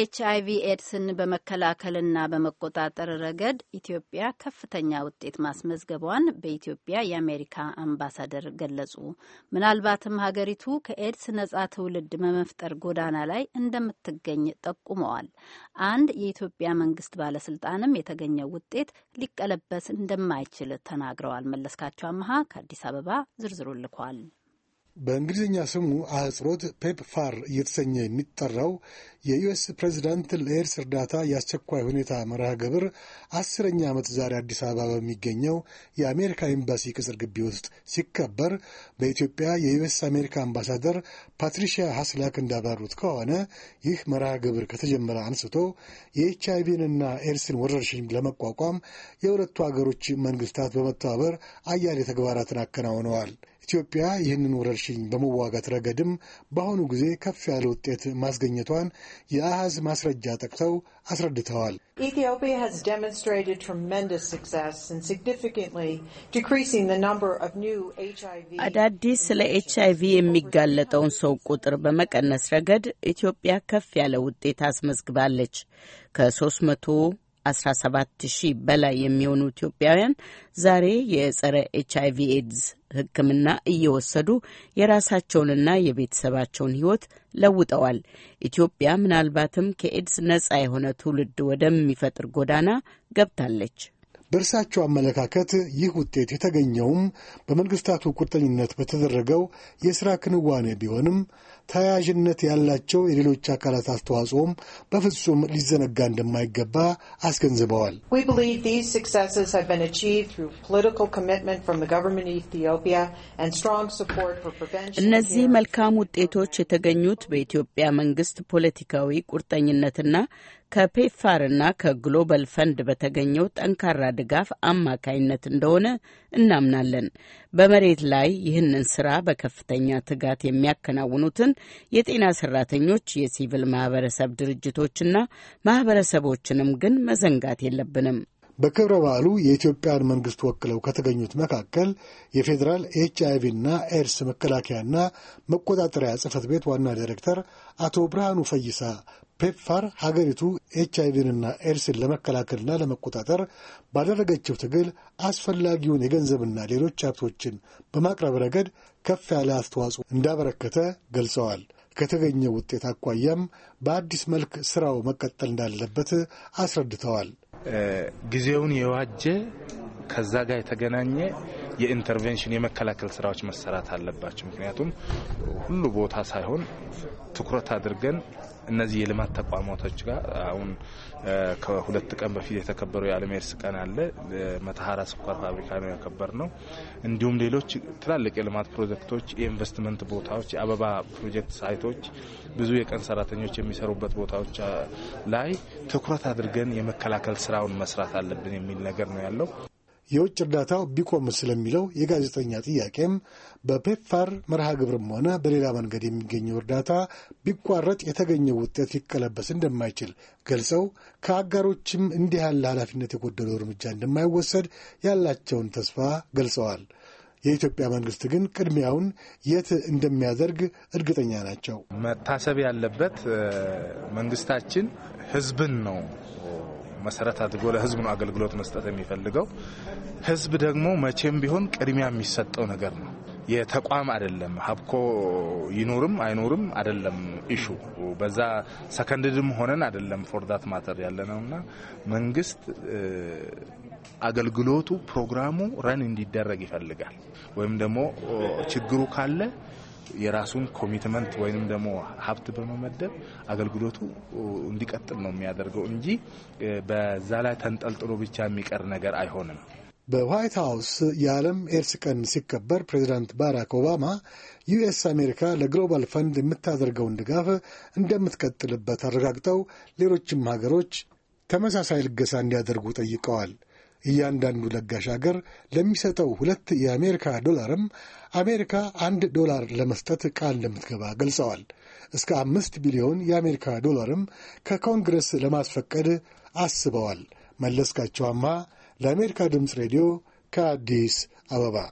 ኤች አይቪ ኤድስን በመከላከልና በመቆጣጠር ረገድ ኢትዮጵያ ከፍተኛ ውጤት ማስመዝገቧን በኢትዮጵያ የአሜሪካ አምባሳደር ገለጹ። ምናልባትም ሀገሪቱ ከኤድስ ነጻ ትውልድ በመፍጠር ጎዳና ላይ እንደምትገኝ ጠቁመዋል። አንድ የኢትዮጵያ መንግስት ባለስልጣንም የተገኘው ውጤት ሊቀለበስ እንደማይችል ተናግረዋል። መለስካቸው አመሃ ከአዲስ አበባ ዝርዝሩ ልኳል። በእንግሊዝኛ ስሙ አህጽሮት ፔፕፋር እየተሰኘ የሚጠራው የዩኤስ ፕሬዚዳንት ለኤድስ እርዳታ የአስቸኳይ ሁኔታ መርሃ ግብር አስረኛ ዓመት ዛሬ አዲስ አበባ በሚገኘው የአሜሪካ ኤምባሲ ቅጽር ግቢ ውስጥ ሲከበር በኢትዮጵያ የዩኤስ አሜሪካ አምባሳደር ፓትሪሺያ ሀስላክ እንዳብራሩት ከሆነ ይህ መርሃ ግብር ከተጀመረ አንስቶ የኤች አይቪንና ኤድስን ወረርሽኝ ለመቋቋም የሁለቱ አገሮች መንግስታት በመተባበር አያሌ ተግባራትን አከናውነዋል። ኢትዮጵያ ይህንን ወረርሽኝ በመዋጋት ረገድም በአሁኑ ጊዜ ከፍ ያለ ውጤት ማስገኘቷን የአሃዝ ማስረጃ ጠቅሰው አስረድተዋል። አዳዲስ ስለ ኤች አይቪ የሚጋለጠውን ሰው ቁጥር በመቀነስ ረገድ ኢትዮጵያ ከፍ ያለ ውጤት አስመዝግባለች ከ300 17 ሺህ በላይ የሚሆኑ ኢትዮጵያውያን ዛሬ የጸረ ኤች አይቪ ኤድስ ሕክምና እየወሰዱ የራሳቸውንና የቤተሰባቸውን ሕይወት ለውጠዋል። ኢትዮጵያ ምናልባትም ከኤድስ ነጻ የሆነ ትውልድ ወደሚፈጥር ጎዳና ገብታለች። በእርሳቸው አመለካከት ይህ ውጤት የተገኘውም በመንግስታቱ ቁርጠኝነት በተደረገው የሥራ ክንዋኔ ቢሆንም ተያያዥነት ያላቸው የሌሎች አካላት አስተዋጽኦም በፍጹም ሊዘነጋ እንደማይገባ አስገንዝበዋል። እነዚህ መልካም ውጤቶች የተገኙት በኢትዮጵያ መንግስት ፖለቲካዊ ቁርጠኝነትና ከፔፕፋርና ከግሎበል ፈንድ በተገኘው ጠንካራ ድጋፍ አማካይነት እንደሆነ እናምናለን። በመሬት ላይ ይህንን ስራ በከፍተኛ ትጋት የሚያከናውኑትን የጤና ሰራተኞች፣ የሲቪል ማህበረሰብ ድርጅቶችና ማህበረሰቦችንም ግን መዘንጋት የለብንም። በክብረ በዓሉ የኢትዮጵያን መንግስት ወክለው ከተገኙት መካከል የፌዴራል ኤች አይቪና ኤድስ መከላከያና መቆጣጠሪያ ጽህፈት ቤት ዋና ዳይሬክተር አቶ ብርሃኑ ፈይሳ ፔፕፋር ሀገሪቱ ኤች አይቪንና ኤድስን ለመከላከልና ለመቆጣጠር ባደረገችው ትግል አስፈላጊውን የገንዘብና ሌሎች ሀብቶችን በማቅረብ ረገድ ከፍ ያለ አስተዋጽኦ እንዳበረከተ ገልጸዋል። ከተገኘው ውጤት አኳያም በአዲስ መልክ ስራው መቀጠል እንዳለበት አስረድተዋል። ጊዜውን የዋጀ ከዛ ጋር የተገናኘ የኢንተርቬንሽን የመከላከል ስራዎች መሰራት አለባቸው። ምክንያቱም ሁሉ ቦታ ሳይሆን ትኩረት አድርገን እነዚህ የልማት ተቋማቶች ጋር አሁን ከሁለት ቀን በፊት የተከበረው የዓለም ኤድስ ቀን አለ። መተሃራ ስኳር ፋብሪካ ነው ያከበር ነው። እንዲሁም ሌሎች ትላልቅ የልማት ፕሮጀክቶች፣ የኢንቨስትመንት ቦታዎች፣ የአበባ ፕሮጀክት ሳይቶች፣ ብዙ የቀን ሰራተኞች የሚሰሩበት ቦታዎች ላይ ትኩረት አድርገን የመከላከል ስራውን መስራት አለብን የሚል ነገር ነው ያለው። የውጭ እርዳታው ቢቆም ስለሚለው የጋዜጠኛ ጥያቄም በፔፕፋር መርሃ ግብርም ሆነ በሌላ መንገድ የሚገኘው እርዳታ ቢቋረጥ የተገኘው ውጤት ሊቀለበስ እንደማይችል ገልጸው ከአጋሮችም እንዲህ ያለ ኃላፊነት የጎደለው እርምጃ እንደማይወሰድ ያላቸውን ተስፋ ገልጸዋል። የኢትዮጵያ መንግስት ግን ቅድሚያውን የት እንደሚያደርግ እርግጠኛ ናቸው። መታሰብ ያለበት መንግስታችን ህዝብን ነው። መሰረት አድርጎ ለህዝብ ነው አገልግሎት መስጠት የሚፈልገው። ህዝብ ደግሞ መቼም ቢሆን ቅድሚያ የሚሰጠው ነገር ነው። የተቋም አይደለም። ሀብኮ ይኑርም አይኑርም አይደለም ኢሹ በዛ ሰከንድድም ሆነን አይደለም ፎርዳት ማተር ያለ ነውና መንግስት አገልግሎቱ ፕሮግራሙ ረን እንዲደረግ ይፈልጋል ወይም ደግሞ ችግሩ ካለ የራሱን ኮሚትመንት ወይም ደግሞ ሀብት በመመደብ አገልግሎቱ እንዲቀጥል ነው የሚያደርገው እንጂ በዛ ላይ ተንጠልጥሎ ብቻ የሚቀር ነገር አይሆንም። በዋይት ሀውስ የዓለም ኤድስ ቀን ሲከበር ፕሬዚዳንት ባራክ ኦባማ ዩኤስ አሜሪካ ለግሎባል ፈንድ የምታደርገውን ድጋፍ እንደምትቀጥልበት አረጋግጠው ሌሎችም ሀገሮች ተመሳሳይ ልገሳ እንዲያደርጉ ጠይቀዋል። እያንዳንዱ ለጋሽ ሀገር ለሚሰጠው ሁለት የአሜሪካ ዶላርም አሜሪካ አንድ ዶላር ለመስጠት ቃል እንደምትገባ ገልጸዋል። እስከ አምስት ቢሊዮን የአሜሪካ ዶላርም ከኮንግረስ ለማስፈቀድ አስበዋል። መለስካቸው ለአሜሪካ ድምፅ ሬዲዮ ከአዲስ አበባ